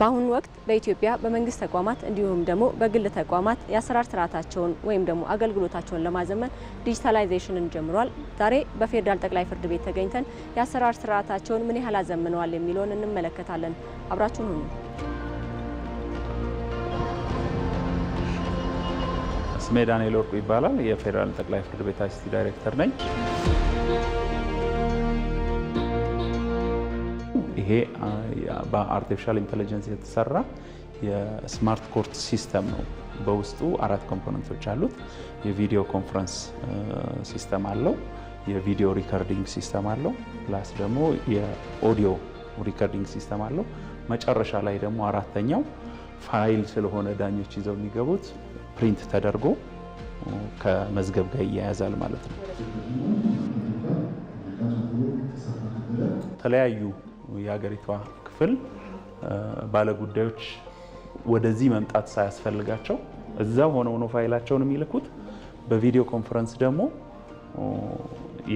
በአሁኑ ወቅት በኢትዮጵያ በመንግስት ተቋማት እንዲሁም ደግሞ በግል ተቋማት የአሰራር ስርዓታቸውን ወይም ደግሞ አገልግሎታቸውን ለማዘመን ዲጂታላይዜሽንን ጀምሯል። ዛሬ በፌዴራል ጠቅላይ ፍርድ ቤት ተገኝተን የአሰራር ስርዓታቸውን ምን ያህል አዘምነዋል የሚለውን እንመለከታለን። አብራችሁን ሁኑ። ስሜ ዳንኤል ወርቁ ይባላል። የፌዴራል ጠቅላይ ፍርድ ቤት አይሲቲ ዳይሬክተር ነኝ። ይሄ በአርቲፊሻል ኢንቴሊጀንስ የተሰራ የስማርት ኮርት ሲስተም ነው። በውስጡ አራት ኮምፖነንቶች አሉት። የቪዲዮ ኮንፈረንስ ሲስተም አለው፣ የቪዲዮ ሪከርዲንግ ሲስተም አለው፣ ፕላስ ደግሞ የኦዲዮ ሪከርዲንግ ሲስተም አለው። መጨረሻ ላይ ደግሞ አራተኛው ፋይል ስለሆነ ዳኞች ይዘው የሚገቡት ፕሪንት ተደርጎ ከመዝገብ ጋር ይያያዛል ማለት ነው። ተለያዩ የሀገሪቷ ክፍል ባለጉዳዮች ወደዚህ መምጣት ሳያስፈልጋቸው እዛው ሆነው ነው ፋይላቸውን የሚልኩት። በቪዲዮ ኮንፈረንስ ደግሞ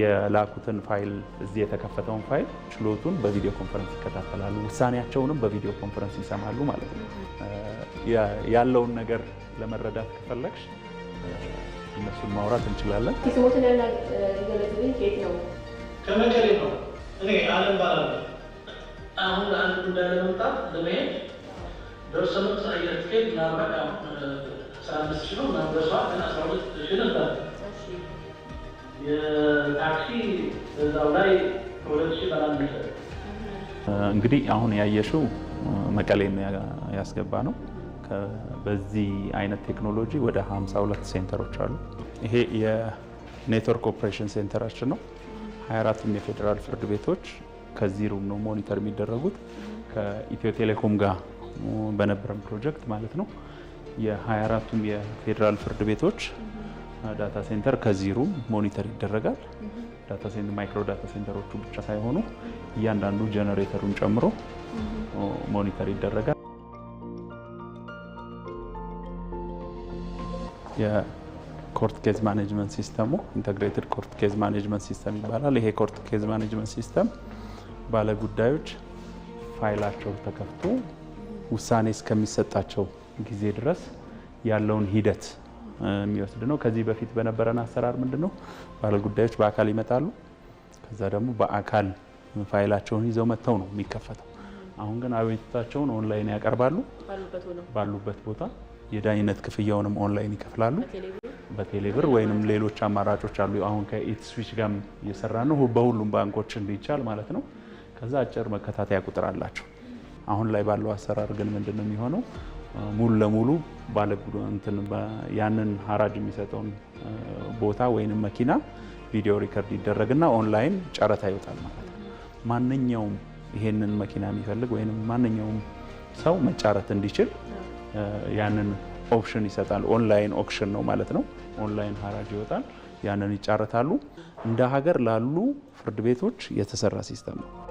የላኩትን ፋይል እዚህ የተከፈተውን ፋይል ችሎቱን በቪዲዮ ኮንፈረንስ ይከታተላሉ። ውሳኔያቸውንም በቪዲዮ ኮንፈረንስ ይሰማሉ ማለት ነው። ያለውን ነገር ለመረዳት ከፈለግሽ እነሱን ማውራት እንችላለን። ስሞትን ያናገለት ነው ከመቀሌ ነው እኔ አለም ባላለ አሁን ለአንድ ጉዳይ ለመምጣት ለመሄድ ደርሶ መልስ አየር ትኬት ምናልባት አሁን አስራ አምስት ሺህ ነው ምናምን ደርሷ ግን አስራ ሁለት ሺህ ነበር። የታክሲ በዛው ላይ ከሁለት ሺህ ባላነሰ እንግዲህ አሁን ያየሽው መቀሌን ያስገባ ነው። በዚህ አይነት ቴክኖሎጂ ወደ 52 ሴንተሮች አሉ። ይሄ የኔትወርክ ኦፕሬሽን ሴንተራችን ነው። 24ም የፌዴራል ፍርድ ቤቶች ከዚህ ሩም ነው ሞኒተር የሚደረጉት። ከኢትዮ ቴሌኮም ጋር በነበረን ፕሮጀክት ማለት ነው የ24ቱም የፌዴራል ፍርድ ቤቶች ዳታ ሴንተር ከዚህ ሩም ሞኒተር ይደረጋል። ዳታ ሴንተር ማይክሮ ዳታ ሴንተሮቹ ብቻ ሳይሆኑ እያንዳንዱ ጀነሬተሩን ጨምሮ ሞኒተር ይደረጋል። የኮርት ኬዝ ማኔጅመንት ሲስተሙ ኢንተግሬትድ ኮርት ኬዝ ማኔጅመንት ሲስተም ይባላል። ይሄ ኮርት ኬዝ ማኔጅመንት ሲስተም ባለጉዳዮች ፋይላቸው ተከፍቶ ውሳኔ እስከሚሰጣቸው ጊዜ ድረስ ያለውን ሂደት የሚወስድ ነው። ከዚህ በፊት በነበረን አሰራር ምንድን ነው ባለጉዳዮች በአካል ይመጣሉ። ከዛ ደግሞ በአካል ፋይላቸውን ይዘው መጥተው ነው የሚከፈተው። አሁን ግን አቤቱታቸውን ኦንላይን ያቀርባሉ። ባሉበት ቦታ የዳኝነት ክፍያውንም ኦንላይን ይከፍላሉ በቴሌብር ወይም ሌሎች አማራጮች አሉ። አሁን ከኢትስዊች ጋር እየሰራ ነው፣ በሁሉም ባንኮች እንዲቻል ማለት ነው። ከዛ አጭር መከታተያ ቁጥር አላቸው። አሁን ላይ ባለው አሰራር ግን ምንድን ነው የሚሆነው? ሙሉ ለሙሉ ያንን ሀራጅ የሚሰጠውን ቦታ ወይንም መኪና ቪዲዮ ሪከርድ ይደረግና ኦንላይን ጨረታ ይወጣል ማለት ነው። ማንኛውም ይሄንን መኪና የሚፈልግ ወይም ማንኛውም ሰው መጫረት እንዲችል ያንን ኦፕሽን ይሰጣል። ኦንላይን ኦክሽን ነው ማለት ነው። ኦንላይን ሀራጅ ይወጣል። ያንን ይጫረታሉ። እንደ ሀገር ላሉ ፍርድ ቤቶች የተሰራ ሲስተም ነው።